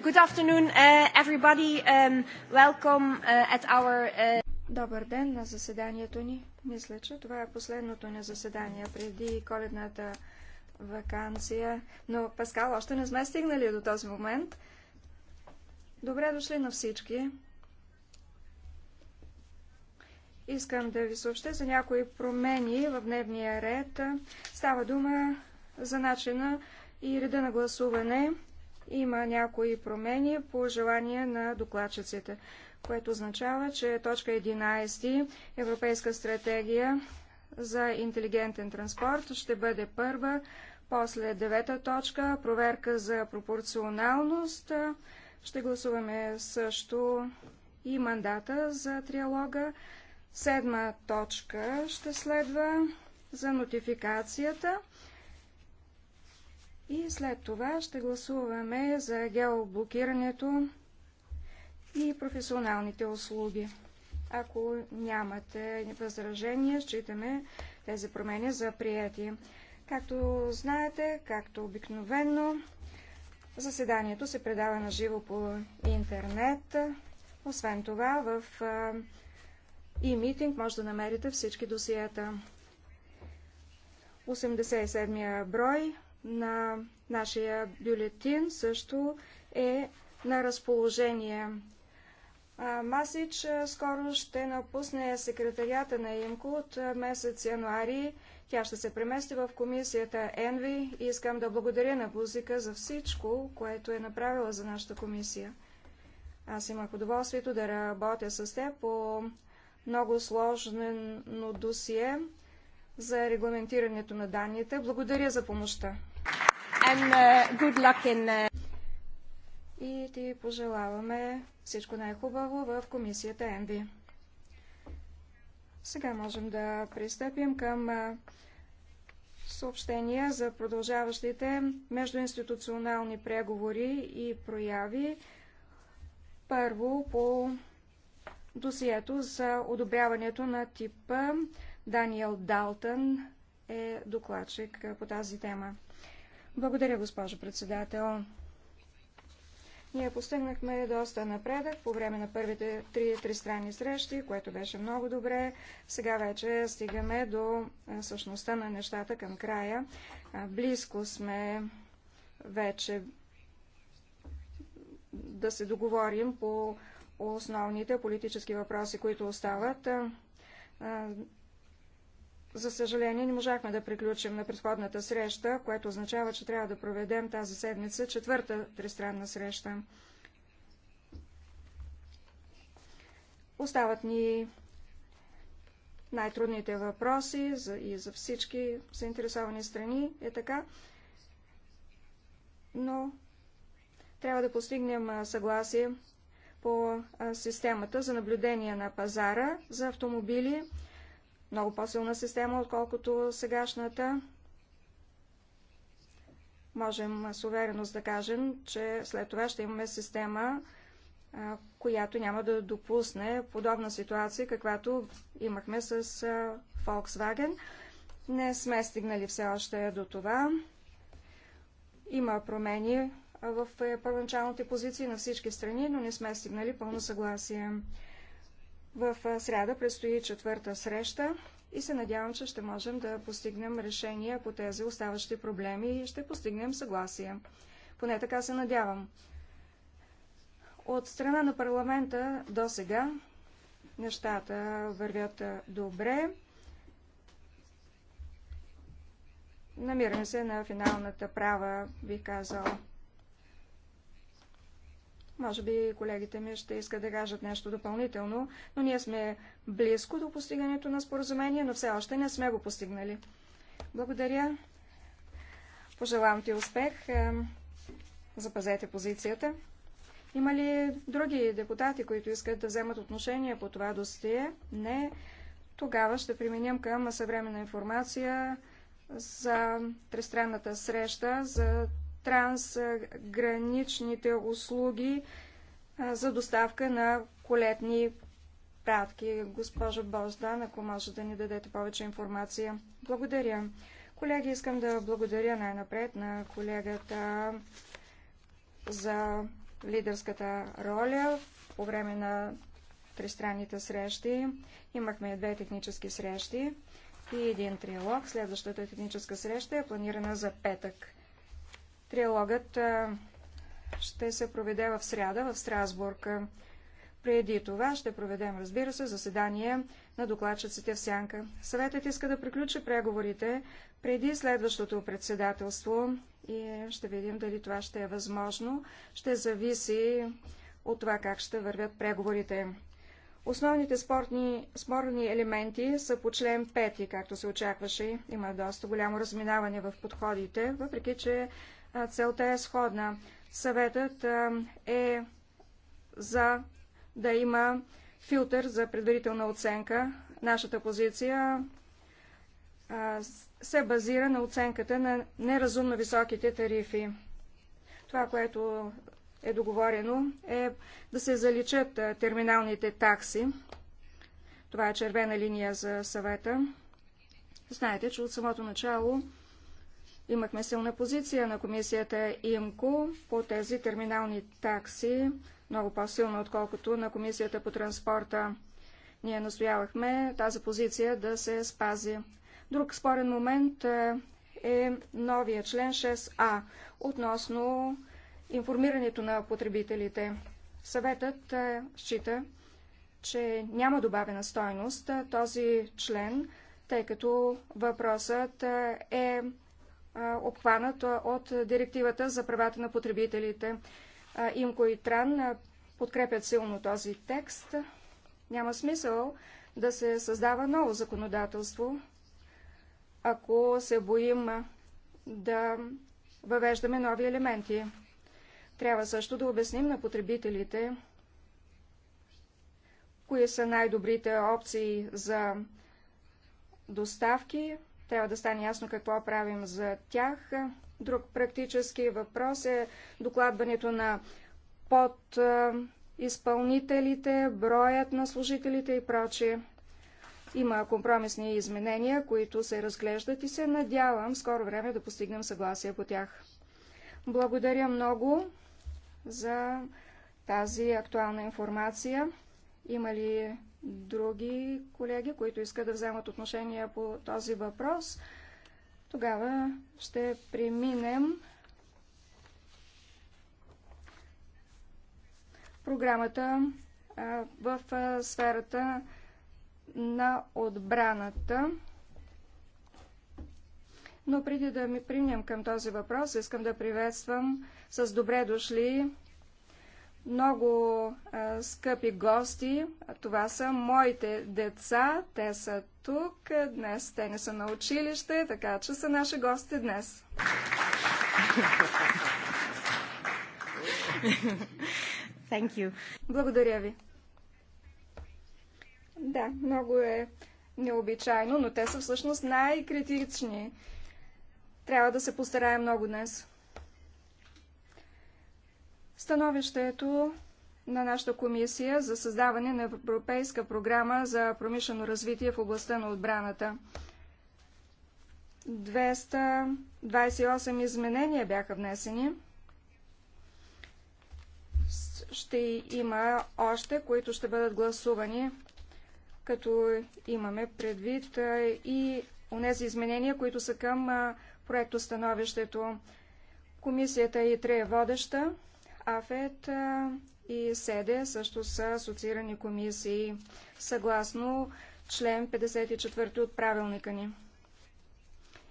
Good afternoon, uh, everybody. Um, welcome uh, at our... Uh, Добър ден на заседанието ни. Мисля, че това е последното ни заседание преди коледната вакансия. Но, Паскал, още не сме стигнали до този момент. Добре дошли на всички. Искам да ви съобща за някои промени в дневния ред. Става дума за начина и реда на гласуване има някои промени по желание на докладчиците, което означава, че точка 11 Европейска стратегия за интелигентен транспорт ще бъде първа, после девета точка проверка за пропорционалност. Ще гласуваме също и мандата за триалога. Седма точка ще следва за нотификацията. И след това ще гласуваме за геоблокирането и професионалните услуги. Ако нямате възражения, считаме тези промени за прияти. Както знаете, както обикновено, заседанието се предава на живо по интернет. Освен това, в и митинг може да намерите всички досиета. 87-я брой на нашия бюлетин също е на разположение. Масич скоро ще напусне секретарията на ИМКО от месец януари. Тя ще се премести в комисията ЕНВИ и искам да благодаря на Бузика за всичко, което е направила за нашата комисия. Аз имах удоволствието да работя с теб по много сложно досие за регламентирането на данните. Благодаря за помощта and uh, good luck in... Uh... И ти пожелаваме всичко най-хубаво в комисията ЕНВИ. Сега можем да пристъпим към съобщения за продължаващите междуинституционални преговори и прояви. Първо по досието за одобряването на типа Даниел Далтън е докладчик по тази тема. Благодаря, госпожо председател. Ние постигнахме доста напредък по време на първите три тристранни срещи, което беше много добре. Сега вече стигаме до същността на нещата към края. Близко сме вече да се договорим по основните политически въпроси, които остават. За съжаление, не можахме да приключим на предходната среща, което означава, че трябва да проведем тази седмица четвърта тристранна среща. Остават ни най-трудните въпроси за, и за всички заинтересовани страни е така, но трябва да постигнем съгласие по системата за наблюдение на пазара за автомобили, много по-силна система, отколкото сегашната. Можем с увереност да кажем, че след това ще имаме система, която няма да допусне подобна ситуация, каквато имахме с Volkswagen. Не сме стигнали все още до това. Има промени в е, първоначалните позиции на всички страни, но не сме стигнали пълно съгласие. В сряда предстои четвърта среща и се надявам, че ще можем да постигнем решение по тези оставащи проблеми и ще постигнем съгласие. Поне така се надявам. От страна на парламента до сега нещата вървят добре. Намираме се на финалната права, бих казал. Може би колегите ми ще искат да кажат нещо допълнително, но ние сме близко до постигането на споразумение, но все още не сме го постигнали. Благодаря. Пожелавам ти успех. Запазете позицията. Има ли други депутати, които искат да вземат отношение по това досие? Не. Тогава ще преминем към съвременна информация за тристранната среща за трансграничните услуги за доставка на колетни пратки. Госпожа Боздан, ако може да ни дадете повече информация. Благодаря. Колеги, искам да благодаря най-напред на колегата за лидерската роля по време на тристранните срещи. Имахме две технически срещи и един трилог. Следващата техническа среща е планирана за петък. Триалогът ще се проведе в сряда в Страсбург. Преди това ще проведем, разбира се, заседание на докладчиците в Сянка. Съветът иска да приключи преговорите преди следващото председателство и ще видим дали това ще е възможно. Ще зависи от това как ще вървят преговорите. Основните спортни, спорни елементи са по член 5, както се очакваше. Има доста голямо разминаване в подходите, въпреки че целта е сходна. Съветът е за да има филтър за предварителна оценка. Нашата позиция се базира на оценката на неразумно високите тарифи. Това, което е договорено, е да се заличат терминалните такси. Това е червена линия за съвета. Знаете, че от самото начало Имахме силна позиция на комисията ИМКО по тези терминални такси, много по-силно, отколкото на комисията по транспорта. Ние настоявахме тази позиция да се спази. Друг спорен момент е, е новия член 6а относно информирането на потребителите. Съветът е, счита, че няма добавена стойност е, този член, тъй като въпросът е обхванат от директивата за правата на потребителите. Имко и Тран подкрепят силно този текст. Няма смисъл да се създава ново законодателство, ако се боим да въвеждаме нови елементи. Трябва също да обясним на потребителите, кои са най-добрите опции за доставки, трябва да стане ясно какво правим за тях. Друг практически въпрос е докладването на под изпълнителите, броят на служителите и прочие. Има компромисни изменения, които се разглеждат и се надявам скоро време да постигнем съгласие по тях. Благодаря много за тази актуална информация. Има ли други колеги, които искат да вземат отношение по този въпрос. Тогава ще преминем програмата в сферата на отбраната. Но преди да ми примем към този въпрос, искам да приветствам с добре дошли много а, скъпи гости. Това са моите деца. Те са тук. Днес те не са на училище, така че са наши гости днес. Thank you. Благодаря ви. Да, много е необичайно, но те са всъщност най-критични. Трябва да се постараем много днес. Становището на нашата комисия за създаване на Европейска програма за промишлено развитие в областта на отбраната. 228 изменения бяха внесени. Ще има още, които ще бъдат гласувани, като имаме предвид и унези изменения, които са към проекто становището. Комисията ИТРЕ е водеща. АФЕТ и СЕДЕ също са асоциирани комисии, съгласно член 54 от правилника ни.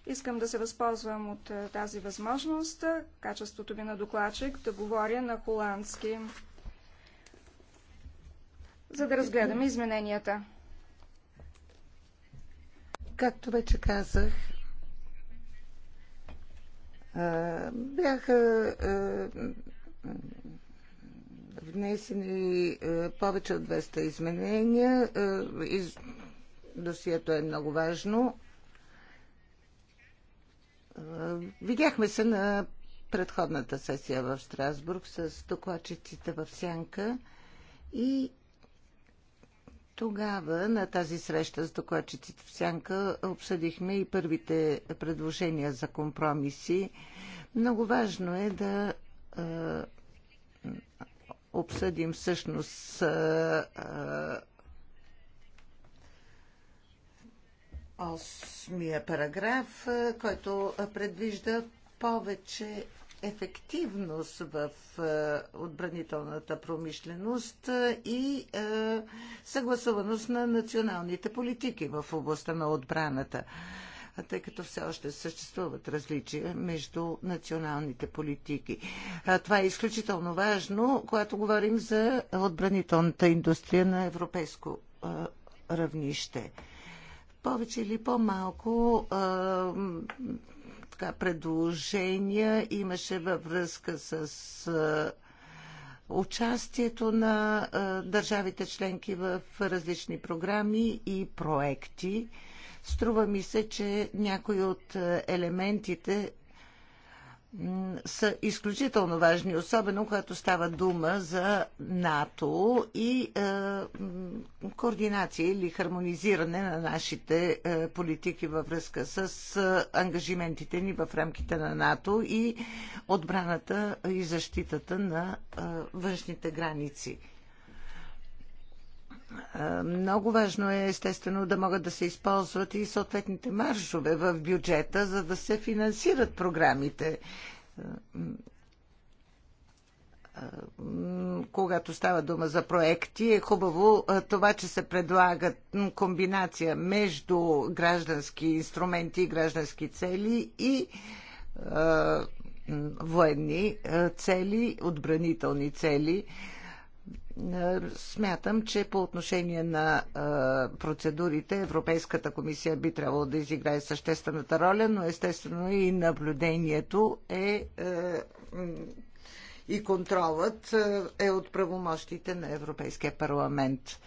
Искам да се възползвам от тази възможност, качеството ми на докладчик, да говоря на холандски, за да разгледаме измененията. Както вече казах, бяха внесени е, повече от 200 изменения. Е, из... Досието е много важно. Е, видяхме се на предходната сесия в Страсбург с докладчиците в Сянка и тогава на тази среща с докладчиците в Сянка обсъдихме и първите предложения за компромиси. Много важно е да е, обсъдим всъщност е, е, осмия параграф, който предвижда повече ефективност в отбранителната промишленост и съгласуваност на националните политики в областта на отбраната тъй като все още съществуват различия между националните политики. Това е изключително важно, когато говорим за отбранителната индустрия на европейско равнище. Повече или по-малко предложения имаше във връзка с участието на държавите членки в различни програми и проекти. Струва ми се, че някои от е, елементите са изключително важни, особено когато става дума за НАТО и е, координация или хармонизиране на нашите е, политики във връзка с е, ангажиментите ни в рамките на НАТО и отбраната и защитата на е, външните граници. Много важно е, естествено, да могат да се използват и съответните маржове в бюджета, за да се финансират програмите. Когато става дума за проекти, е хубаво това, че се предлага комбинация между граждански инструменти и граждански цели и военни цели, отбранителни цели. Смятам, че по отношение на процедурите Европейската комисия би трябвало да изиграе съществената роля, но естествено и наблюдението е, е и контролът е от правомощите на Европейския парламент.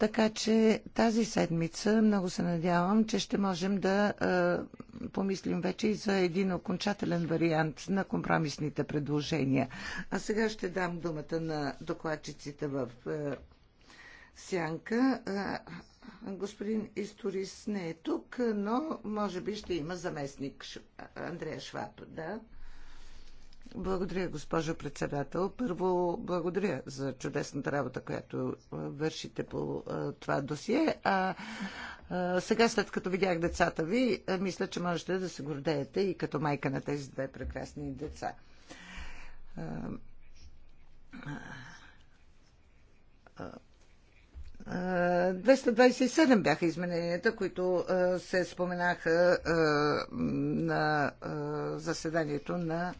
Така че тази седмица много се надявам, че ще можем да е, помислим вече и за един окончателен вариант на компромисните предложения. А сега ще дам думата на докладчиците в е, Сянка. Е, господин Историс не е тук, но може би ще има заместник Андрея Шваб. Да. Благодаря, госпожо председател. Първо, благодаря за чудесната работа, която вършите по това досие. А, а сега, след като видях децата ви, мисля, че можете да се гордеете и като майка на тези две прекрасни деца. А, а, 227 бяха измененията, които се споменаха на заседанието на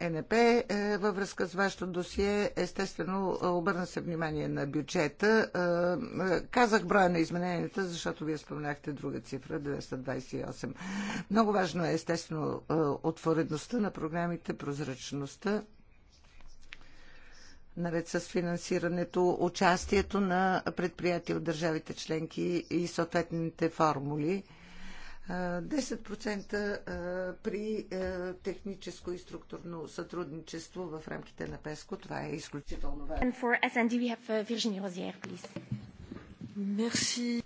НП е, във връзка с вашето досие. Естествено, обърна се внимание на бюджета. Казах броя на измененията, защото вие споменахте друга цифра 228. Много важно е, естествено, отвореността на програмите, прозрачността наред с финансирането, участието на предприятия от държавите членки и съответните формули. 10% при техническо и структурно сътрудничество в рамките на ПЕСКО. Това е изключително важно. Uh,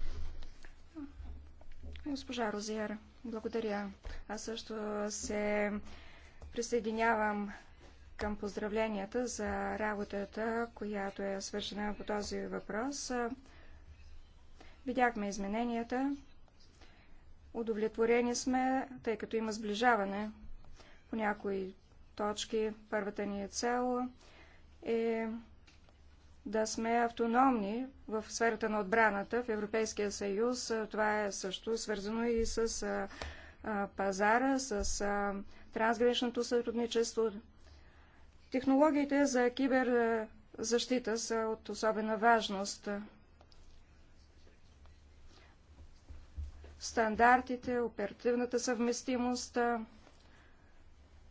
Госпожа Розиер, благодаря. Аз също се присъединявам към поздравленията за работата, която е свършена по този въпрос. Видяхме измененията. Удовлетворени сме, тъй като има сближаване по някои точки. Първата ни е цел е да сме автономни в сферата на отбраната в Европейския съюз. Това е също свързано и с пазара, с трансграничното сътрудничество, Технологиите за киберзащита са от особена важност. Стандартите, оперативната съвместимост,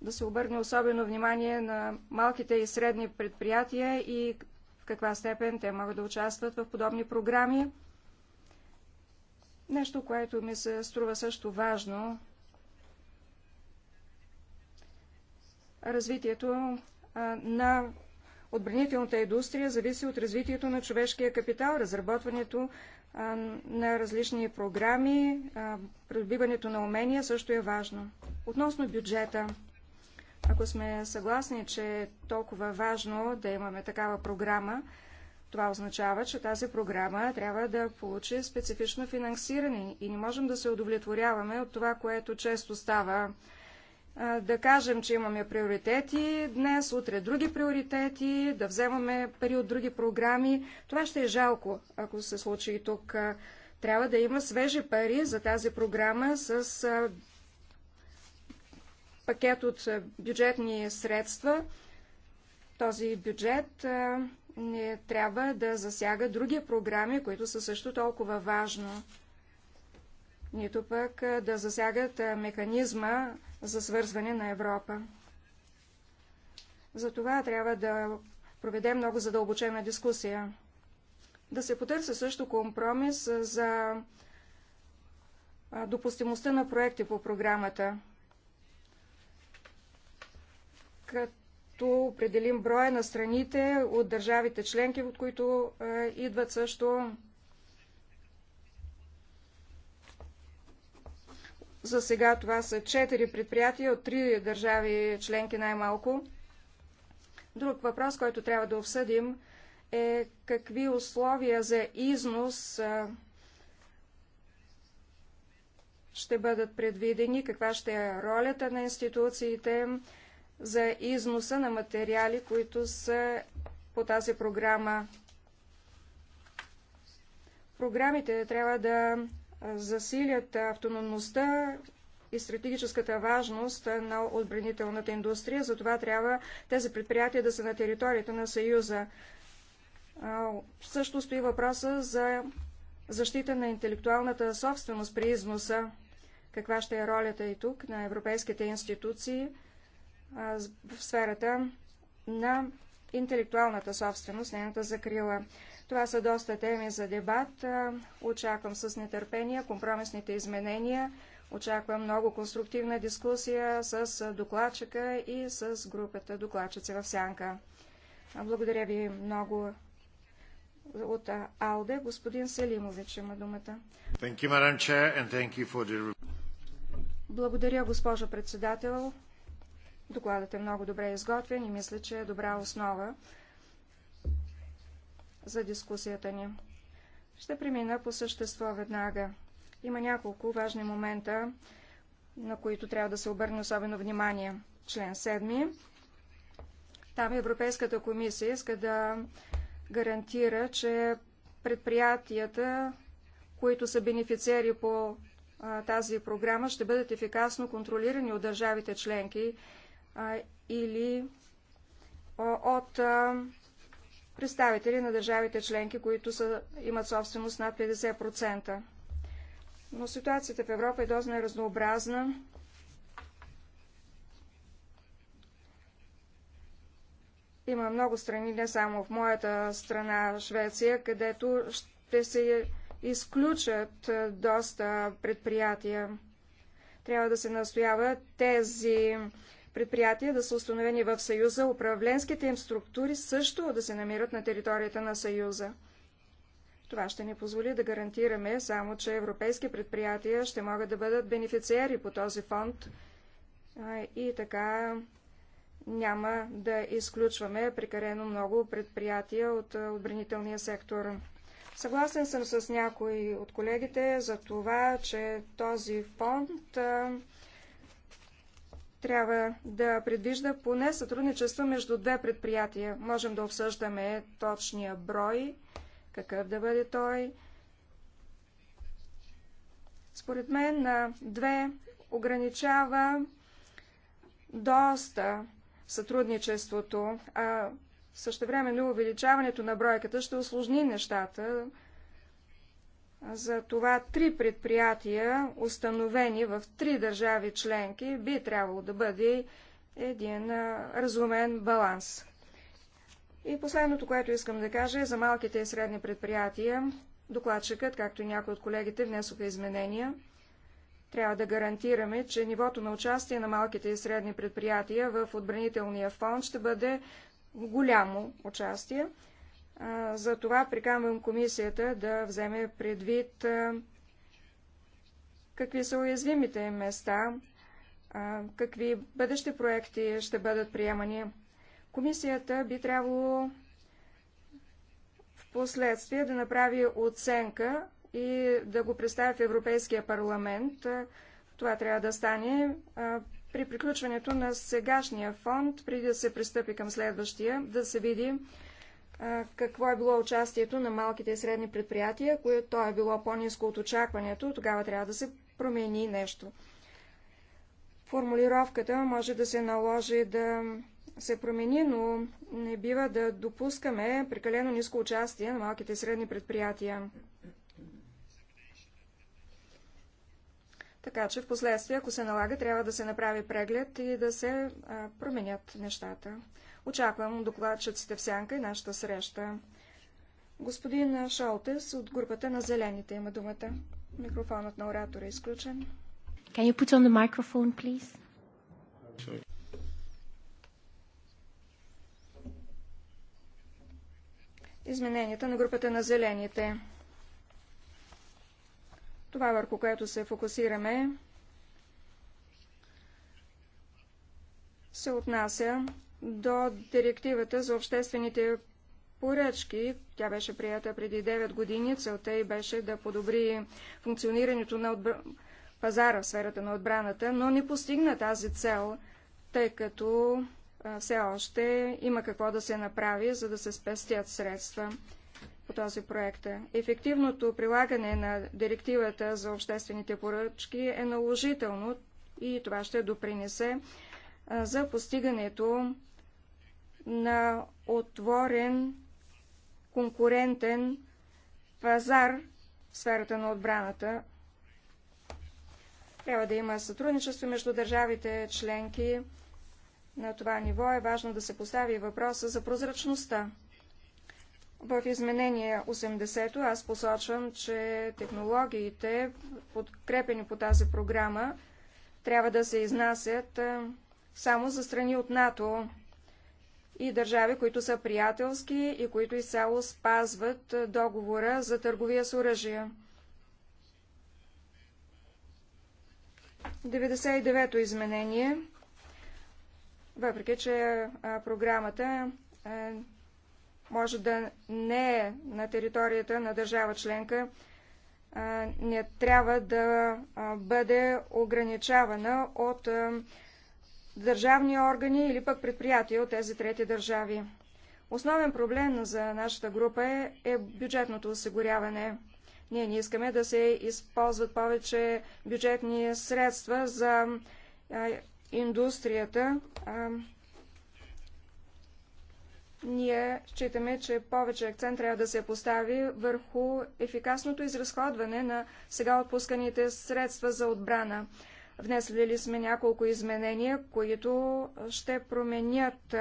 да се обърне особено внимание на малките и средни предприятия и в каква степен те могат да участват в подобни програми. Нещо, което ми се струва също важно, развитието на отбранителната индустрия зависи от развитието на човешкия капитал, разработването на различни програми, придобиването на умения също е важно. Относно бюджета, ако сме съгласни, че е толкова важно да имаме такава програма, това означава, че тази програма трябва да получи специфично финансиране и не можем да се удовлетворяваме от това, което често става да кажем, че имаме приоритети днес, утре други приоритети, да вземаме пари от други програми. Това ще е жалко, ако се случи и тук. Трябва да има свежи пари за тази програма с пакет от бюджетни средства. Този бюджет не трябва да засяга други програми, които са също толкова важно. Нито пък да засягат механизма за свързване на Европа. За това трябва да проведем много задълбочена дискусия. Да се потърси също компромис за допустимостта на проекти по програмата. Като определим броя на страните от държавите членки, от които идват също За сега това са четири предприятия от три държави членки най-малко. Друг въпрос, който трябва да обсъдим е какви условия за износ ще бъдат предвидени, каква ще е ролята на институциите за износа на материали, които са по тази програма. Програмите трябва да засилят автономността и стратегическата важност на отбранителната индустрия. Затова трябва тези предприятия да са на територията на Съюза. Също стои въпроса за защита на интелектуалната собственост при износа. Каква ще е ролята и тук на европейските институции в сферата на интелектуалната собственост, нейната закрила. Това са доста теми за дебат. Очаквам с нетърпение компромисните изменения. Очаквам много конструктивна дискусия с докладчика и с групата докладчици в Сянка. Благодаря ви много от АЛДЕ. Господин Селимович има думата. Благодаря, госпожо председател. Докладът е много добре изготвен и мисля, че е добра основа за дискусията ни. Ще премина по същество веднага. Има няколко важни момента, на които трябва да се обърне особено внимание. Член 7. Там Европейската комисия иска да гарантира, че предприятията, които са бенефициери по а, тази програма, ще бъдат ефикасно контролирани от държавите членки а, или а, от представители на държавите членки, които са, имат собственост над 50%. Но ситуацията в Европа е доста разнообразна. Има много страни, не само в моята страна, Швеция, където ще се изключат доста предприятия. Трябва да се настоява тези предприятия да са установени в Съюза, управленските им структури също да се намират на територията на Съюза. Това ще ни позволи да гарантираме само, че европейски предприятия ще могат да бъдат бенефициери по този фонд и така няма да изключваме прекарено много предприятия от отбранителния сектор. Съгласен съм с някои от колегите за това, че този фонд трябва да предвижда поне сътрудничество между две предприятия. Можем да обсъждаме точния брой, какъв да бъде той. Според мен две ограничава доста сътрудничеството, а времено увеличаването на бройката ще осложни нещата, за това три предприятия, установени в три държави членки, би трябвало да бъде един разумен баланс. И последното, което искам да кажа е за малките и средни предприятия. Докладчикът, както и някои от колегите, внесоха изменения. Трябва да гарантираме, че нивото на участие на малките и средни предприятия в отбранителния фонд ще бъде голямо участие. За това приканвам комисията да вземе предвид какви са уязвимите места, какви бъдещи проекти ще бъдат приемани. Комисията би трябвало в последствие да направи оценка и да го представи в Европейския парламент. Това трябва да стане при приключването на сегашния фонд, преди да се пристъпи към следващия, да се види какво е било участието на малките и средни предприятия, което е било по-низко от очакването, тогава трябва да се промени нещо. Формулировката може да се наложи да се промени, но не бива да допускаме прекалено ниско участие на малките и средни предприятия. Така че в последствие, ако се налага, трябва да се направи преглед и да се променят нещата. Очаквам докладчиците в сянка и нашата среща. Господин Шолтес от групата на Зелените има думата. Микрофонът на оратора е изключен. Can you put on the microphone, please? Измененията на групата на Зелените. Това върху което се фокусираме се отнася до директивата за обществените поръчки. Тя беше прията преди 9 години. Целта й беше да подобри функционирането на отбр... пазара в сферата на отбраната, но не постигна тази цел, тъй като а, все още има какво да се направи, за да се спестят средства по този проект. Ефективното прилагане на директивата за обществените поръчки е наложително и това ще допринесе за постигането на отворен, конкурентен пазар в сферата на отбраната. Трябва да има сътрудничество между държавите членки. На това ниво е важно да се постави въпроса за прозрачността. В изменение 80-то аз посочвам, че технологиите, подкрепени по тази програма, трябва да се изнасят само за страни от НАТО и държави, които са приятелски и които изцяло спазват договора за търговия с оръжия. 99-то изменение, въпреки че програмата може да не е на територията на държава членка, не трябва да бъде ограничавана от държавни органи или пък предприятия от тези трети държави. Основен проблем за нашата група е, е бюджетното осигуряване. Ние не искаме да се използват повече бюджетни средства за а, индустрията. А, ние считаме, че повече акцент трябва да се постави върху ефикасното изразходване на сега отпусканите средства за отбрана. Внесли сме няколко изменения, които ще променят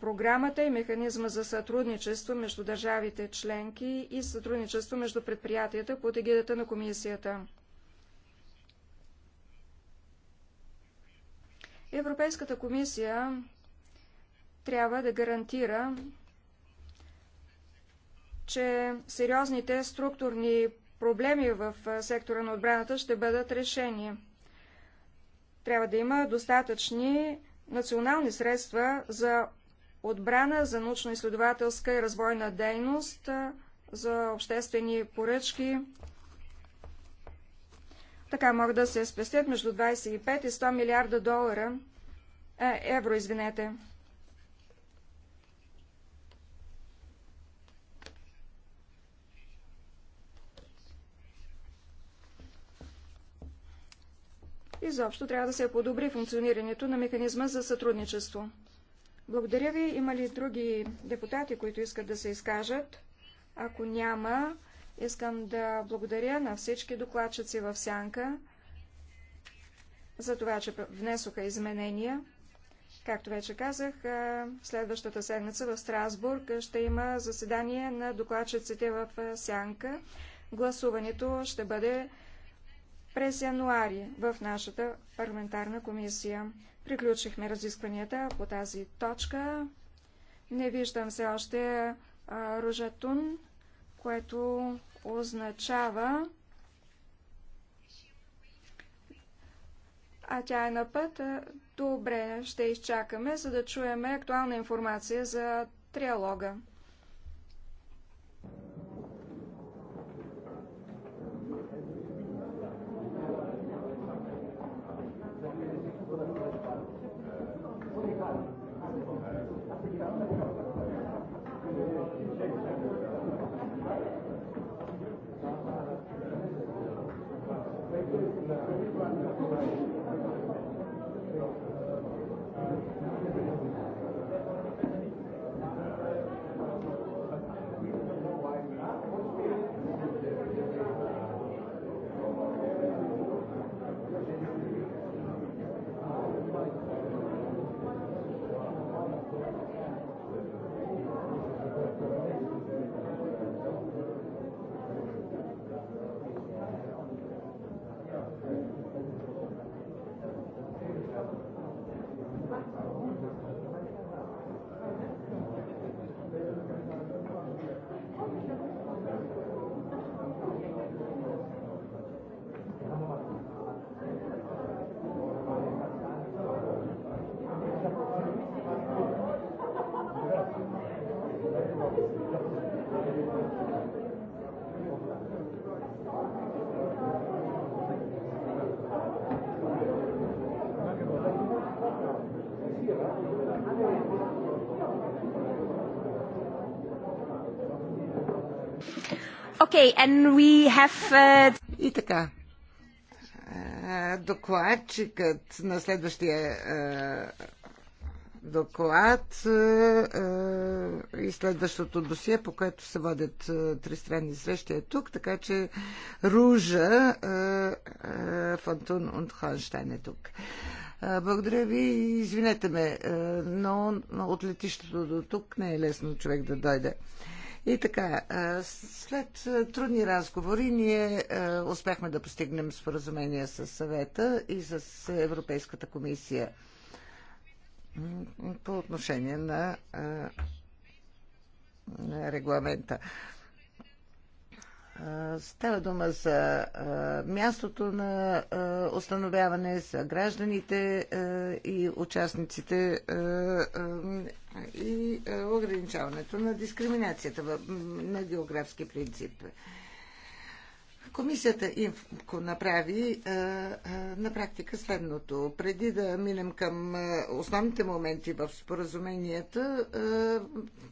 програмата и механизма за сътрудничество между държавите членки и сътрудничество между предприятията под егидата на комисията. Европейската комисия трябва да гарантира, че сериозните структурни проблеми в сектора на отбраната ще бъдат решени. Трябва да има достатъчни национални средства за отбрана, за научно-изследователска и развойна дейност, за обществени поръчки. Така могат да се спестят между 25 и 100 милиарда долара, е, евро, извинете. Изобщо трябва да се подобри функционирането на механизма за сътрудничество. Благодаря ви. Има ли други депутати, които искат да се изкажат? Ако няма, искам да благодаря на всички докладчици в Сянка за това, че внесоха изменения. Както вече казах, следващата седмица в Страсбург ще има заседание на докладчиците в Сянка. Гласуването ще бъде през януари в нашата парламентарна комисия. Приключихме разискванията по тази точка. Не виждам все още рожатун, ружатун, което означава а тя е на път. Добре, ще изчакаме, за да чуем актуална информация за триалога. Okay, and we have... Uh... И така. Е, докладчикът на следващия е, доклад е, и следващото досие, по което се водят тристранни срещи е тук, така че Ружа Фонтун und е тук. Благодаря ви. Извинете ме, но от летището до тук не е лесно човек да дойде. И така, след трудни разговори ние успяхме да постигнем споразумение с съвета и с Европейската комисия по отношение на регламента. Става дума за мястото на установяване, за гражданите и участниците и ограничаването на дискриминацията на географски принцип. Комисията Инфко направи е, е, на практика следното. Преди да минем към е, основните моменти в споразуменията,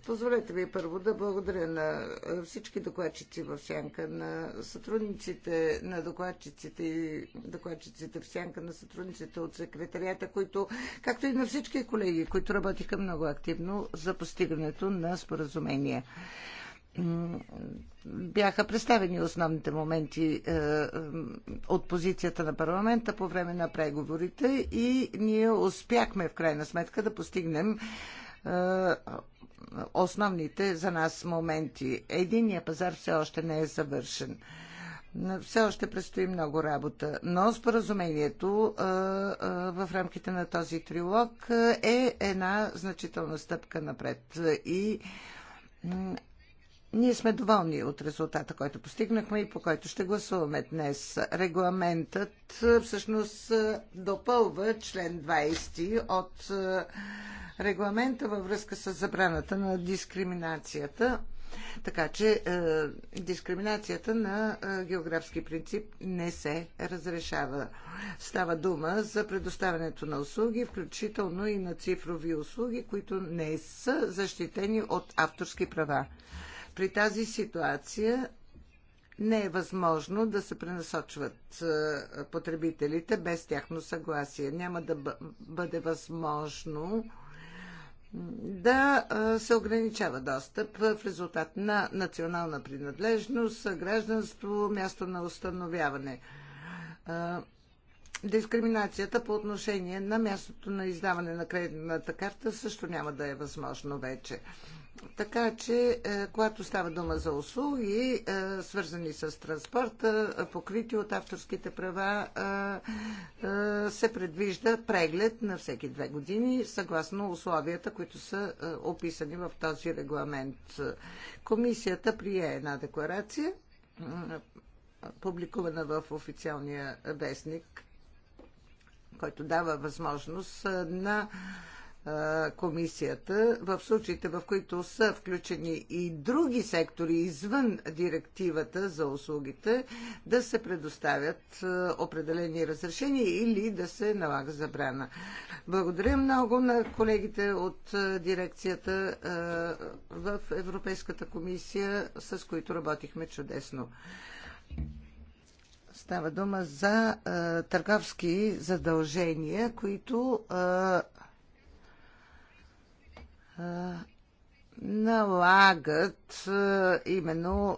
позволете ви първо да благодаря на всички докладчици в Сянка, на сътрудниците на докладчиците и докладчиците в Сянка, на сътрудниците от секретарията, които, както и на всички колеги, които работиха много активно за постигането на споразумения бяха представени основните моменти е, е, от позицията на парламента по време на преговорите и ние успяхме в крайна сметка да постигнем е, основните за нас моменти. Единия пазар все още не е завършен. Все още предстои много работа, но споразумението в рамките на този трилог е една значителна стъпка напред. И ние сме доволни от резултата, който постигнахме и по който ще гласуваме днес. Регламентът е, всъщност е, допълва член 20 от е, регламента във връзка с забраната на дискриминацията. Така че е, дискриминацията на е, географски принцип не се разрешава. Става дума за предоставянето на услуги, включително и на цифрови услуги, които не са защитени от авторски права. При тази ситуация не е възможно да се пренасочват потребителите без тяхно съгласие. Няма да бъде възможно да се ограничава достъп в резултат на национална принадлежност, гражданство, място на установяване. Дискриминацията по отношение на мястото на издаване на кредитната карта също няма да е възможно вече. Така че, е, когато става дума за услуги, е, свързани с транспорта, покрити от авторските права, е, се предвижда преглед на всеки две години, съгласно условията, които са описани в този регламент. Комисията прие една декларация, публикувана в официалния вестник, който дава възможност на комисията в случаите, в които са включени и други сектори извън директивата за услугите, да се предоставят определени разрешения или да се налага забрана. Благодаря много на колегите от дирекцията в Европейската комисия, с които работихме чудесно. Става дума за а, търговски задължения, които а, налагат именно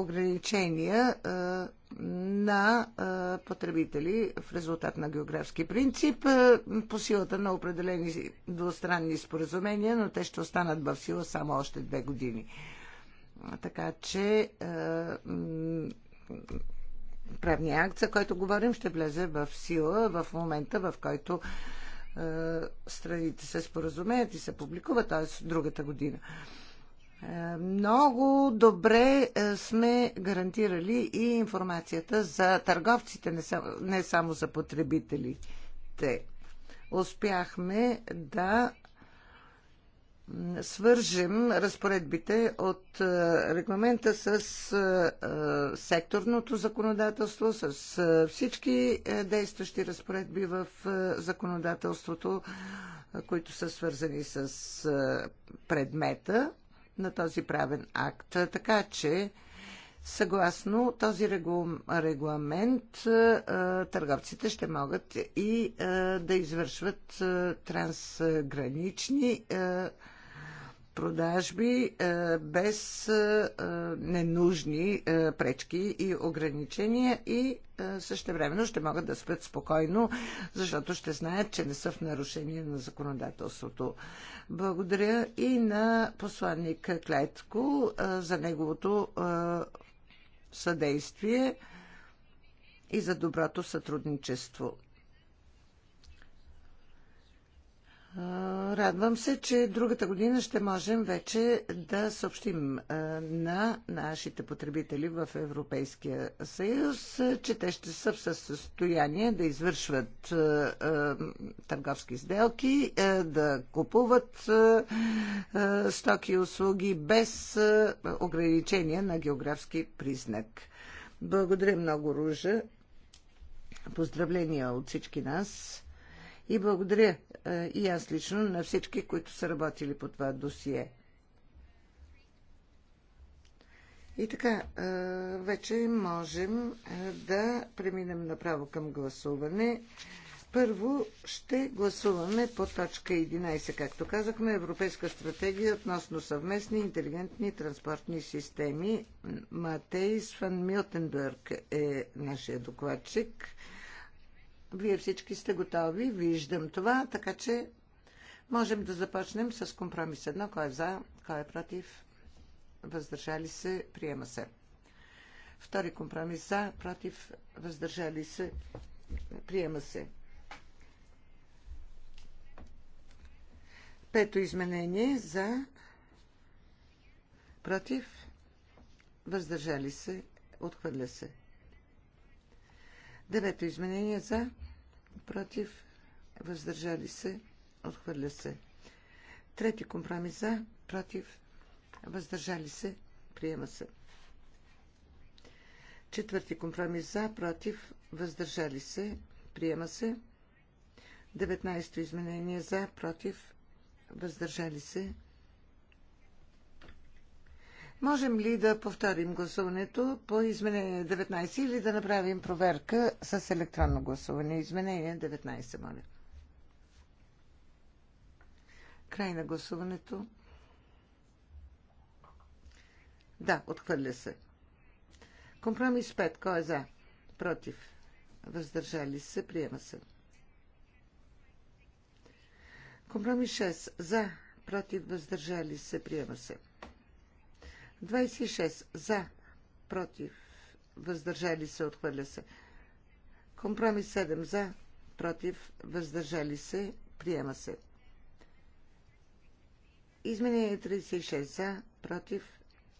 ограничения на потребители в резултат на географски принцип по силата на определени двустранни споразумения, но те ще останат в сила само още две години. Така че правния акт, за който говорим, ще влезе в сила в момента, в който е, страните се споразумеят и се публикуват, т.е. другата година. Е, много добре е, сме гарантирали и информацията за търговците, не само за потребителите. Успяхме да свържем разпоредбите от е, регламента с е, е, секторното законодателство, с всички действащи разпоредби в законодателството, които са свързани с предмета на този правен акт. Така че, съгласно този регламент, търговците ще могат и да извършват трансгранични продажби е, без е, е, ненужни пречки и ограничения и също времено ще могат да спят спокойно, защото ще знаят, че не са в нарушение на законодателството. Благодаря и на посланник Клетко за неговото съдействие и за доброто сътрудничество. Радвам се, че другата година ще можем вече да съобщим на нашите потребители в Европейския съюз, че те ще са в състояние да извършват търговски сделки, да купуват стоки и услуги без ограничения на географски признак. Благодаря много, Ружа. Поздравления от всички нас. И благодаря и аз лично на всички, които са работили по това досие. И така, вече можем да преминем направо към гласуване. Първо ще гласуваме по точка 11, както казахме, Европейска стратегия относно съвместни интелигентни транспортни системи. Матейс Фан Милтенбърг е нашия докладчик. Вие всички сте готови, виждам това, така че можем да започнем с компромис едно, кой е за, кой е против, въздържали се, приема се. Втори компромис за, против, въздържали се, приема се. Пето изменение за, против, въздържали се, отхвърля се. Девето изменение за, против, въздържали се, отхвърля се. Трети компромис за, против, въздържали се, приема се. Четвърти компромис за, против, въздържали се, приема се. 19 изменение за, против, въздържали се, Можем ли да повторим гласуването по изменение 19 или да направим проверка с електронно гласуване? Изменение 19, моля. Край на гласуването. Да, отхвърля се. Компромис 5. Кой е за? Против. Въздържали се. Приема се. Компромис 6. За. Против. Въздържали се. Приема се. 26 за, против, въздържали се, отхвърля се. Компромис 7 за, против, въздържали се, приема се. Изменение 36 за, против,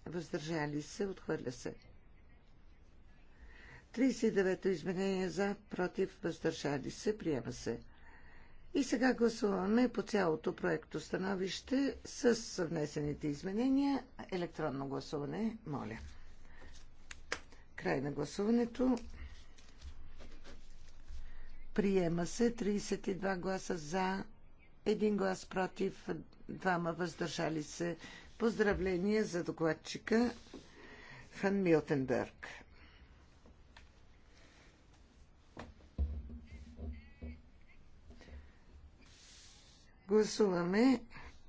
въздържали се, отхвърля се. 39-то изменение за, против, въздържали се, приема се. И сега гласуваме по цялото проекто становище с внесените изменения. Електронно гласуване, моля. Край на гласуването. Приема се 32 гласа за, 1 глас против, 2 въздържали се. Поздравления за докладчика Фан Милтенберг. Гласуваме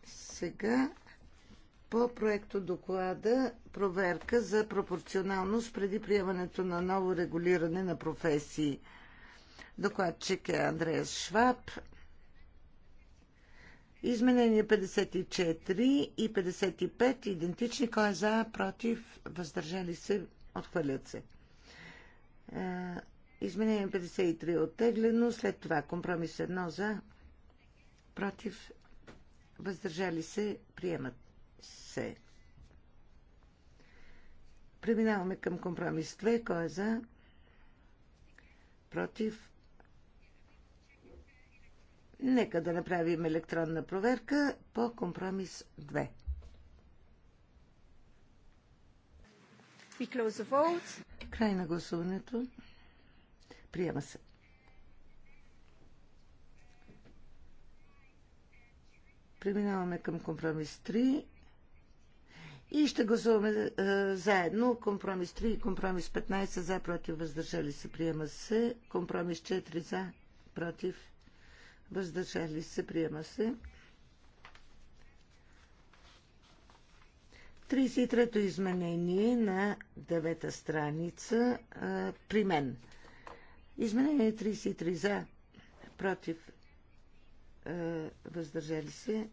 сега по проекто доклада проверка за пропорционалност преди приемането на ново регулиране на професии. Докладчик е Андреас Шваб. Изменение 54 и 55 идентични. Кой е за, против, въздържали се, отхвърлят се. Е, изменение 53 е оттеглено. След това компромис 1 за, против, въздържали се, приемат се. Преминаваме към компромис 2. Кой е за? Против? Нека да направим електронна проверка по компромис 2. Край на гласуването. Приема се. Преминаваме към компромис 3 и ще гласуваме е, заедно компромис 3 и компромис 15 за, против, въздържали се, приема се. Компромис 4 за, против, въздържали се, приема се. 33-то изменение на девета страница а, е, при мен. Изменение 33 за, против, е, въздържали се,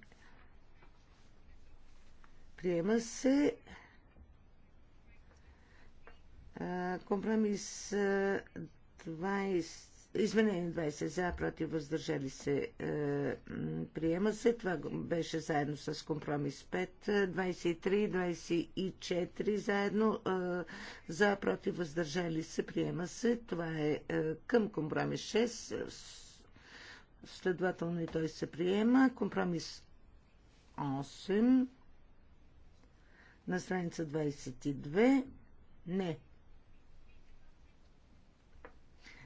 приема се. Е, компромис 20 Изменение 20 за, против, въздържали се, е, приема се. Това беше заедно с компромис 5. 23, 24 заедно е, за, против, въздържали се, приема се. Това е, е към компромис 6 Следователно и той се приема. Компромис 8 на страница 22. Не.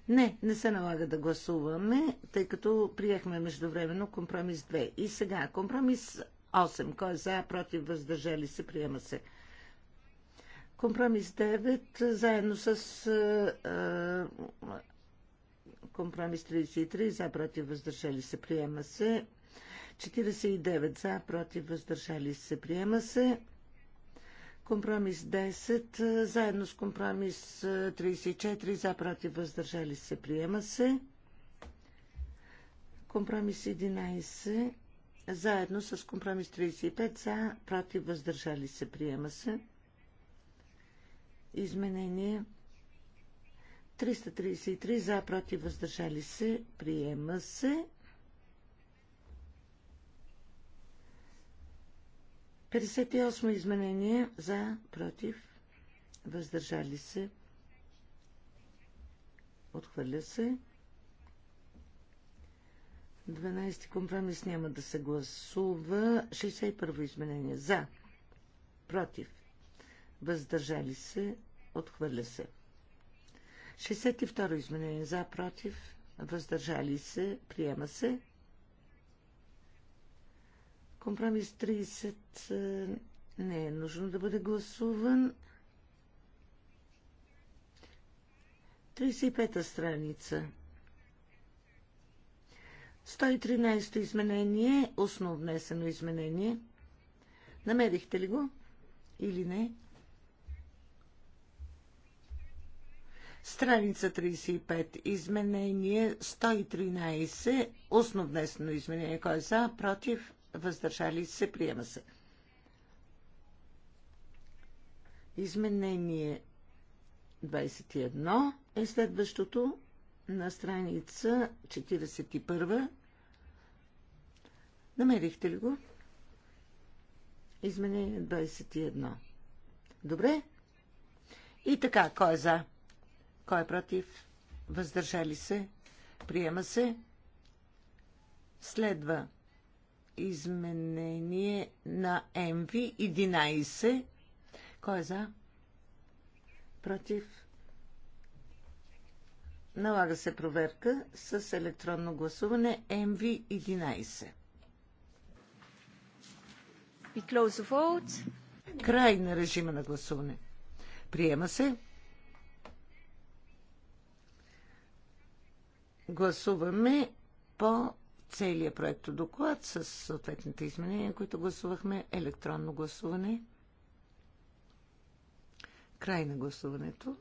Не, не се налага да гласуваме, тъй като приехме междувременно компромис 2. И сега, компромис 8. Кой е за, против, въздържали се, приема се. Компромис 9, заедно с е, е, Компромис 33 за против въздържали се приема се. 49 за против въздържали се приема се. Компромис 10 заедно с компромис 34 за против въздържали се приема се. Компромис 11 заедно с компромис 35 за против въздържали се приема се. Изменение 333 за, против, въздържали се, приема се. 58 изменение за, против, въздържали се, отхвърля се. 12 компромис няма да се гласува. 61 изменение за, против, въздържали се, отхвърля се. 62 изменение за, против, въздържали се, приема се. Компромис 30 е, не е нужно да бъде гласуван. 35-та страница. 113-то изменение, внесено изменение. Намерихте ли го или не? Страница 35. Изменение 113. Устно изменение. Кой е за? Против? Въздържали се? Приема се. Изменение 21 е следващото на страница 41. Намерихте ли го? Изменение 21. Добре? И така, кой е за? Кой е против? Въздържали се? Приема се. Следва изменение на МВ 11. Кой е за? Против? Налага се проверка с електронно гласуване МВ 11. Край на режима на гласуване. Приема се. гласуваме по целият проект доклад с съответните изменения, които гласувахме, електронно гласуване. Край на гласуването.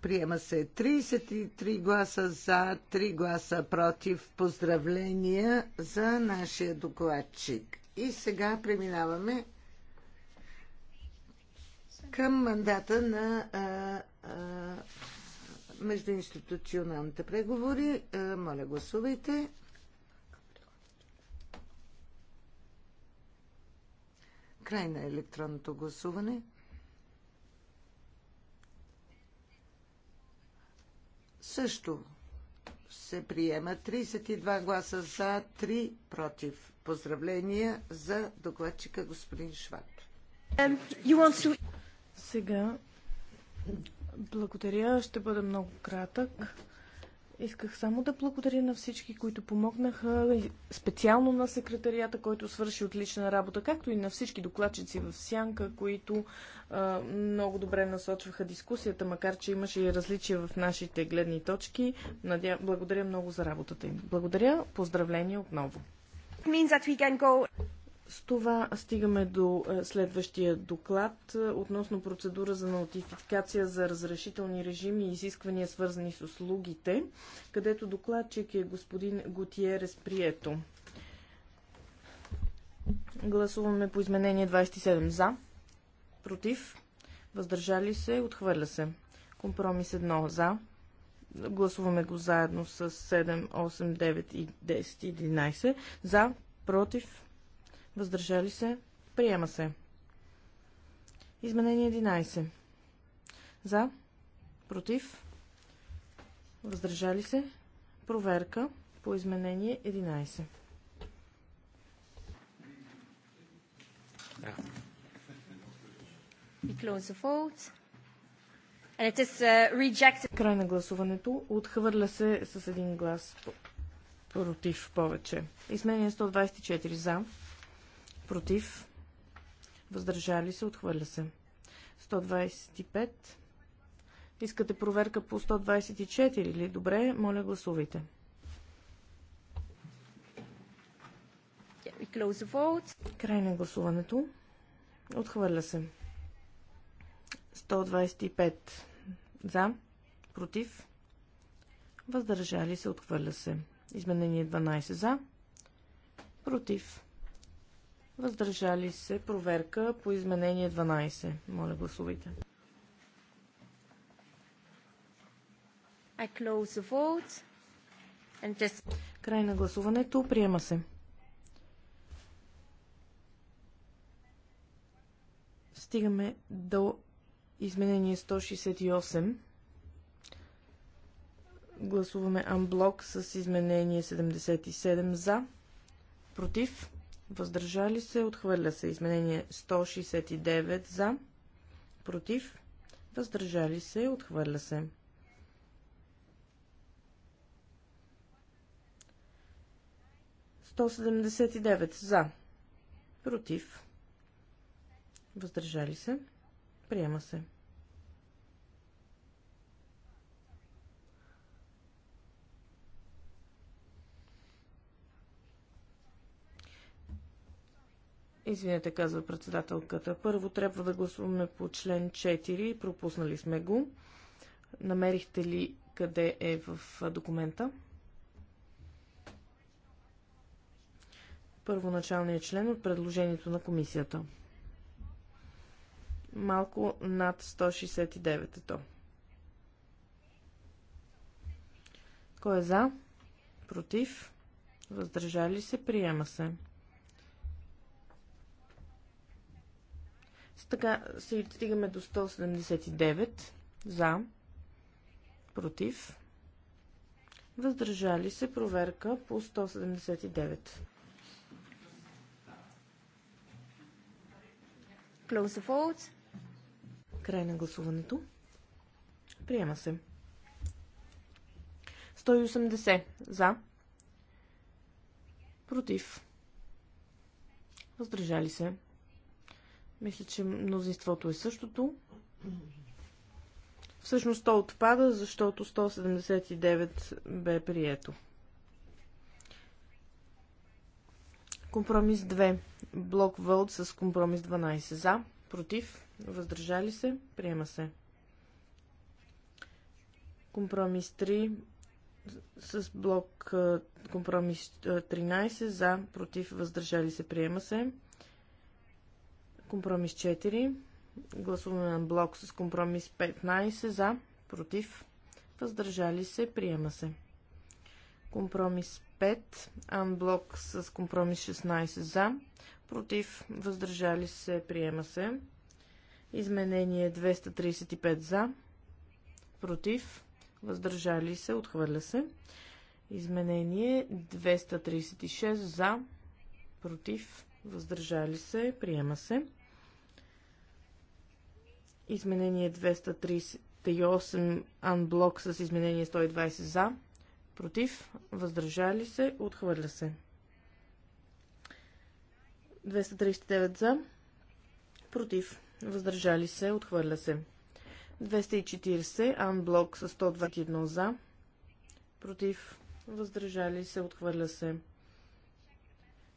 Приема се 33 гласа за, 3 гласа против. Поздравления за нашия докладчик. И сега преминаваме към мандата на а, а, междуинституционалните преговори. Е, моля, гласувайте. Край на електронното гласуване. Също се приема 32 гласа за, 3 против. Поздравления за докладчика господин Шваб. Um, Сега благодаря, ще бъда много кратък. Исках само да благодаря на всички, които помогнаха, специално на секретарията, който свърши отлична работа, както и на всички докладчици в Сянка, които а, много добре насочваха дискусията, макар че имаше и различия в нашите гледни точки. Надя... Благодаря много за работата им. Благодаря, поздравления отново. С това стигаме до е, следващия доклад е, относно процедура за нотификация за разрешителни режими и изисквания свързани с услугите, където докладчик е господин Готиерес Прието. Гласуваме по изменение 27 за, против, въздържали се, отхвърля се. Компромис 1 за. Гласуваме го заедно с 7, 8, 9 и 10, 11. За, против, Въздържали се. Приема се. Изменение 11. За. Против. Въздържали се. Проверка по изменение 11. Uh, Край на гласуването. Отхвърля се с един глас против повече. Изменение 124 за против, въздържали се, отхвърля се. 125. Искате проверка по 124 или добре? Моля, гласувайте. Край на гласуването. Отхвърля се. 125 за, против, въздържали се, отхвърля се. Изменение 12 за, против, Въздържали се. Проверка по изменение 12. Моля, гласувайте. I close the vote and just... Край на гласуването. Приема се. стигаме до изменение 168. Гласуваме Анблок с изменение 77 за, против, въздържали се, отхвърля се. Изменение 169 за, против, въздържали се, отхвърля се. Сто седемдесет и девет за, против, въздържали се, приема се. Извинете, казва председателката. Първо трябва да гласуваме по член 4. Пропуснали сме го. Намерихте ли къде е в документа? Първоначалният член от предложението на комисията. Малко над 169 е то. Кой е за? Против? Въздържали се? Приема се. Така се стигаме до 179 за, против, въздържали се проверка по 179. Close the Край на гласуването. Приема се. 180 за. Против. Въздържали се. Мисля, че мнозинството е същото. Всъщност то отпада, защото 179 бе прието. Компромис 2. Блок Вълт с компромис 12. За, против, въздържали се, приема се. Компромис 3 с блок компромис 13. За, против, въздържали се, приема се. Компромис 4. Гласуваме на блок с компромис 15 за, против, въздържали се, приема се. Компромис 5. Анблок с компромис 16 за, против, въздържали се, приема се. Изменение 235 за, против, въздържали се, отхвърля се. Изменение 236 за, против, въздържали се, приема се. Изменение 238 анблок с изменение 120 за. Против. Въздържали се. Отхвърля се. 239 за. Против. Въздържали се. Отхвърля се. 240 анблок с 121 за. Против. Въздържали се. Отхвърля се.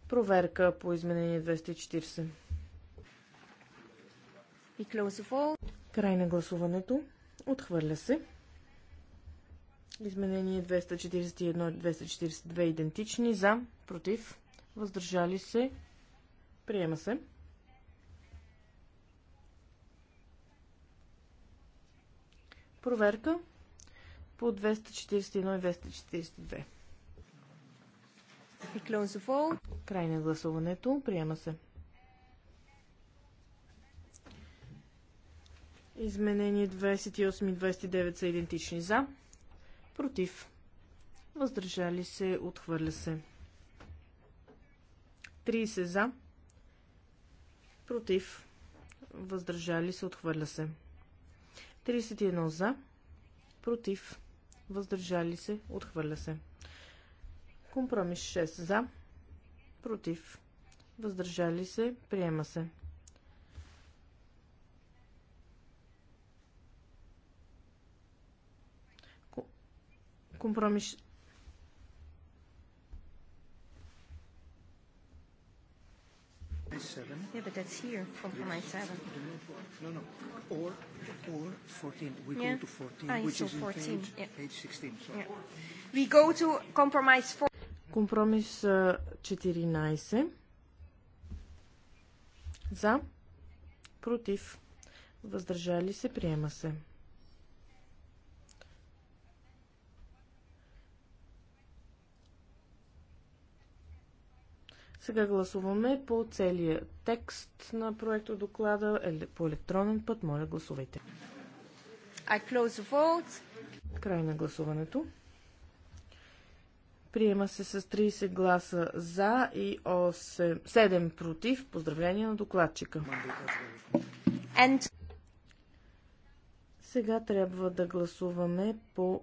Проверка по изменение 240. Край на гласуването. Отхвърля се. Изменение 241 242 идентични. За, против, въздържали се. Приема се. Проверка по 241 и 242. Край на гласуването. Приема се. Изменение 28 и 29 са идентични за. Против. Въздържали се. Отхвърля се. 30 за. Против. Въздържали се. Отхвърля се. 31 за. Против. Въздържали се. Отхвърля се. Компромис 6 за. Против. Въздържали се. Приема се. Компромис. Yeah, but that's here, compromise seven. No, no, or, or 14. We yeah. go to 14, ah, which is 14. in page, yeah. page 16. So. Yeah. We go to compromise 4. Компромис 14. За. Против. Въздържали се. Приема се. Сега гласуваме по целия текст на проекта доклада по електронен път. Моля, гласувайте. I close the vote. Край на гласуването. Приема се с 30 гласа за и 8, 7 против. Поздравление на докладчика. And... Сега трябва да гласуваме по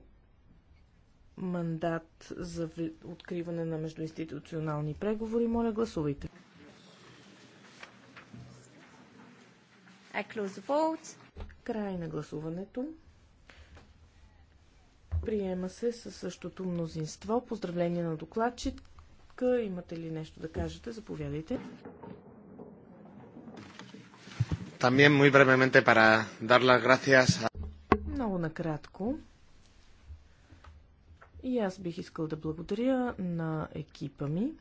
мандат за откриване на междуинституционални преговори. Моля, гласувайте. I close the vote. Край на гласуването. Приема се със същото мнозинство. Поздравление на докладчика. Имате ли нещо да кажете? Заповядайте. También muy brevemente para dar las gracias a... Много накратко и аз бих искал да благодаря на екипа ми,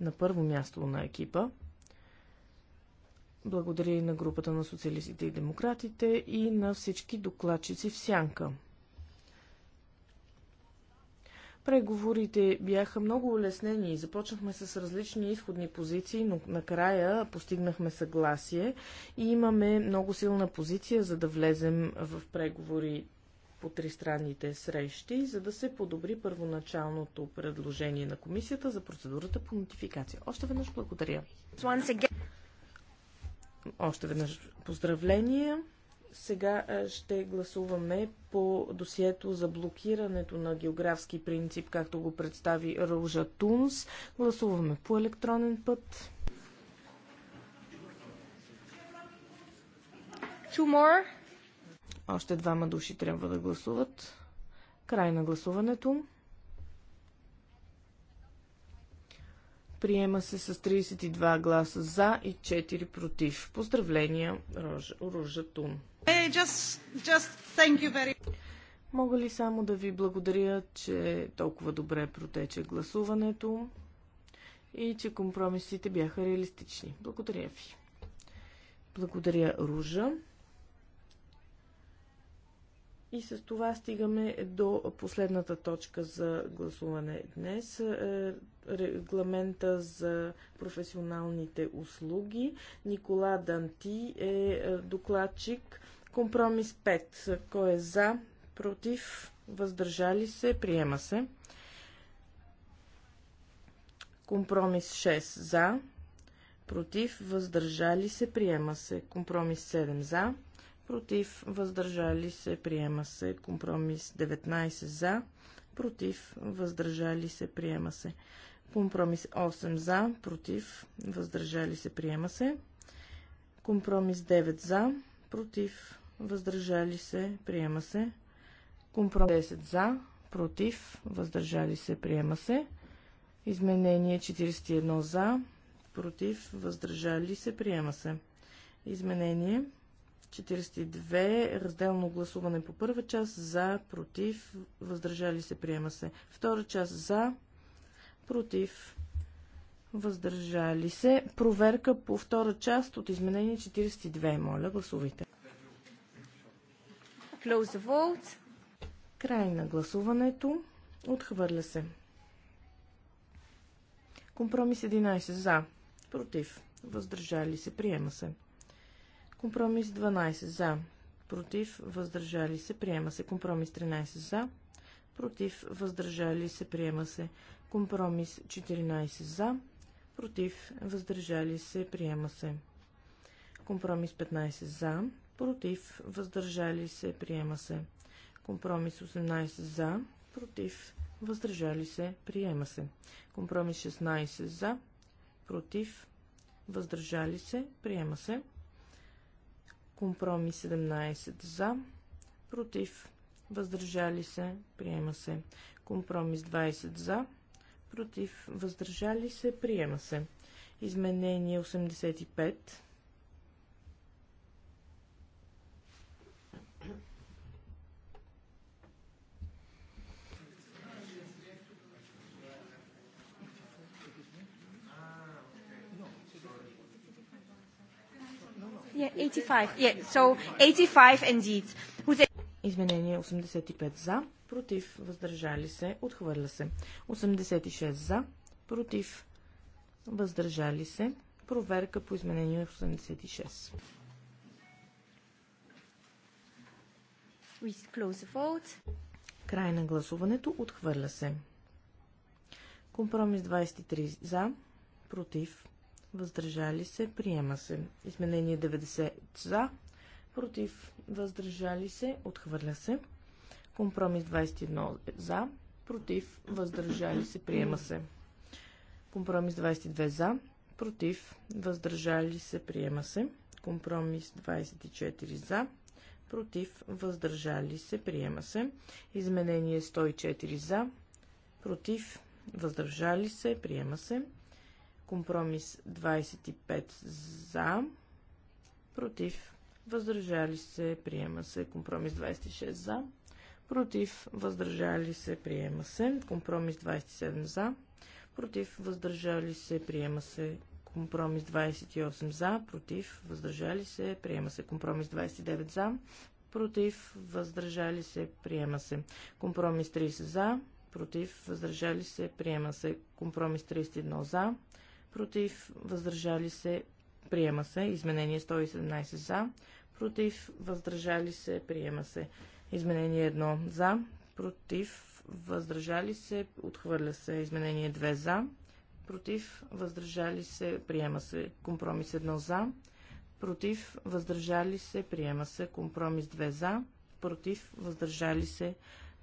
на първо място на екипа. Благодаря и на групата на социалистите и демократите и на всички докладчици в сянка. Преговорите бяха много улеснени. Започнахме с различни изходни позиции, но накрая постигнахме съгласие и имаме много силна позиция, за да влезем в преговори по тристранните срещи, за да се подобри първоначалното предложение на комисията за процедурата по нотификация. Още веднъж благодаря. Още веднъж поздравления. Сега ще гласуваме по досието за блокирането на географски принцип, както го представи Ружа Тунс. Гласуваме по електронен път. Two more. Още двама души трябва да гласуват. Край на гласуването. Приема се с 32 гласа за и 4 против. Поздравления, Рожа, Тун. Hey, just, just thank you very... Мога ли само да ви благодаря, че толкова добре протече гласуването и че компромисите бяха реалистични. Благодаря ви. Благодаря, Ружа. И с това стигаме до последната точка за гласуване днес. Е, регламента за професионалните услуги. Никола Данти е, е докладчик. Компромис 5. Кой е за? Против? Въздържали се? Приема се. Компромис 6 за. Против? Въздържали се? Приема се. Компромис 7 за против, въздържали се, приема се. Компромис 19 за, против, въздържали се, приема се. Компромис 8 за, против, въздържали се, приема се. Компромис 9 за, против, въздържали се, приема се. Компромис 10 за, против, въздържали се, приема се. Изменение 41 за, против, въздържали се, приема се. Изменение 42. Разделно гласуване по първа част. За, против, въздържали се, приема се. Втора част. За, против, въздържали се. Проверка по втора част от изменение 42. Моля, гласувайте. Close the vote. Край на гласуването. Отхвърля се. Компромис 11. За, против, въздържали се, приема се. Компромис 12 за, против, въздържали се, приема се. Компромис 13 за, против, въздържали се, приема се. Компромис 14 за, против, въздържали се, приема се. Компромис 15 за, против, въздържали се, приема се. Компромис 18 за, против, въздържали се, приема се. Компромис 16 за, против, въздържали се, приема се. Компромис 17 за, против, въздържали се, приема се. Компромис 20 за, против, въздържали се, приема се. Изменение 85 85. Yeah, so 85 indeed. Изменение 85 за, против, въздържали се, отхвърля се. 86 за, против, въздържали се. Проверка по изменение 86. Край на гласуването отхвърля се. Компромис 23 за, против, въздържали се, приема се. Изменение 90 за, против, въздържали се, отхвърля се. Компромис 21 за, против, въздържали се, приема се. Компромис 22 за, против, въздържали се, приема се. Компромис 24 за, против, въздържали се, приема се. Изменение 104 за, против, въздържали се, приема се. Компромис 25 за, против, въздържали се, приема се. Компромис 26 за, против, въздържали се, приема се. Компромис 27 за, против, въздържали се, приема се. Компромис 28 за, против, въздържали се, приема се. Компромис 29 за, против, въздържали се, приема се. Компромис 30 за, против, въздържали се, приема се. Компромис 31 за, против, въздържали се, приема се. Изменение 117 за, против, въздържали се, приема се. Изменение 1 за, против, въздържали се, отхвърля се. Изменение 2 за, против, въздържали се, приема се. Компромис 1 за, против, въздържали се, приема се. Компромис 2 за, против, въздържали се,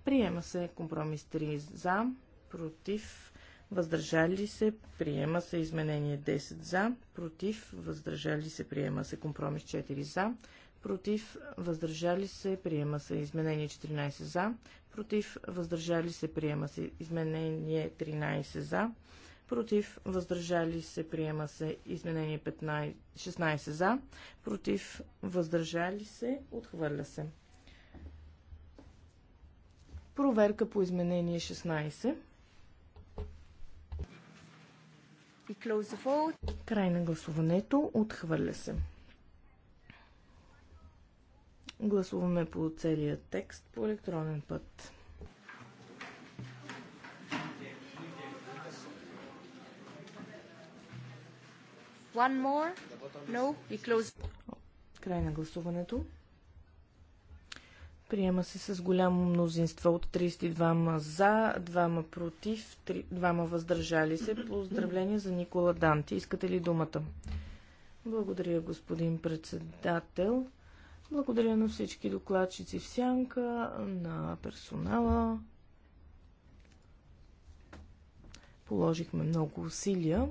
приема се. Компромис 3 за, против, въздържали се, приема се изменение 10 за, против, въздържали се, приема се компромис 4 за, против, въздържали се, приема се изменение 14 за, против, въздържали се, приема се изменение 13 за, против, въздържали се, приема се изменение 15, 16 за, против, въздържали се, отхвърля се. Проверка по изменение 16. Край на гласуването. Отхвърля се. Гласуваме по целия текст по електронен път. One more? No, we close. Край на гласуването. Приема се с голямо мнозинство от 32 за, 2 против, 2 въздържали се. Поздравление за Никола Данти. Искате ли думата? Благодаря, господин председател. Благодаря на всички докладчици в сянка, на персонала. Положихме много усилия.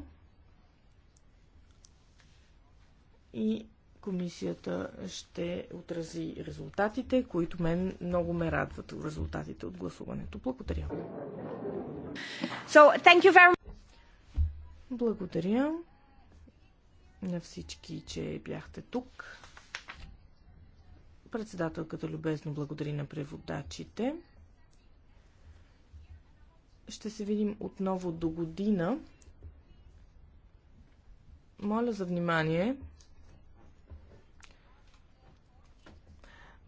И Комисията ще отрази резултатите, които мен много ме радват резултатите от гласуването. Благодаря. So, thank you very... Благодаря на всички, че бяхте тук. Председателката любезно благодари на преводачите. Ще се видим отново до година. Моля за внимание.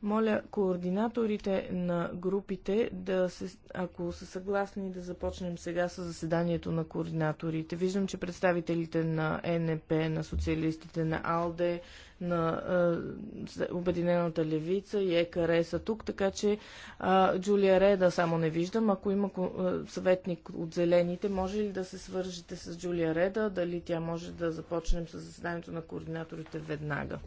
Моля координаторите на групите, да се, ако са съгласни, да започнем сега с заседанието на координаторите. Виждам, че представителите на НП, на социалистите, на АЛДЕ, на е, Обединената левица и ЕКРЕ са тук, така че е, Джулия Реда само не виждам. Ако има е, съветник от зелените, може ли да се свържете с Джулия Реда? Дали тя може да започнем с заседанието на координаторите веднага?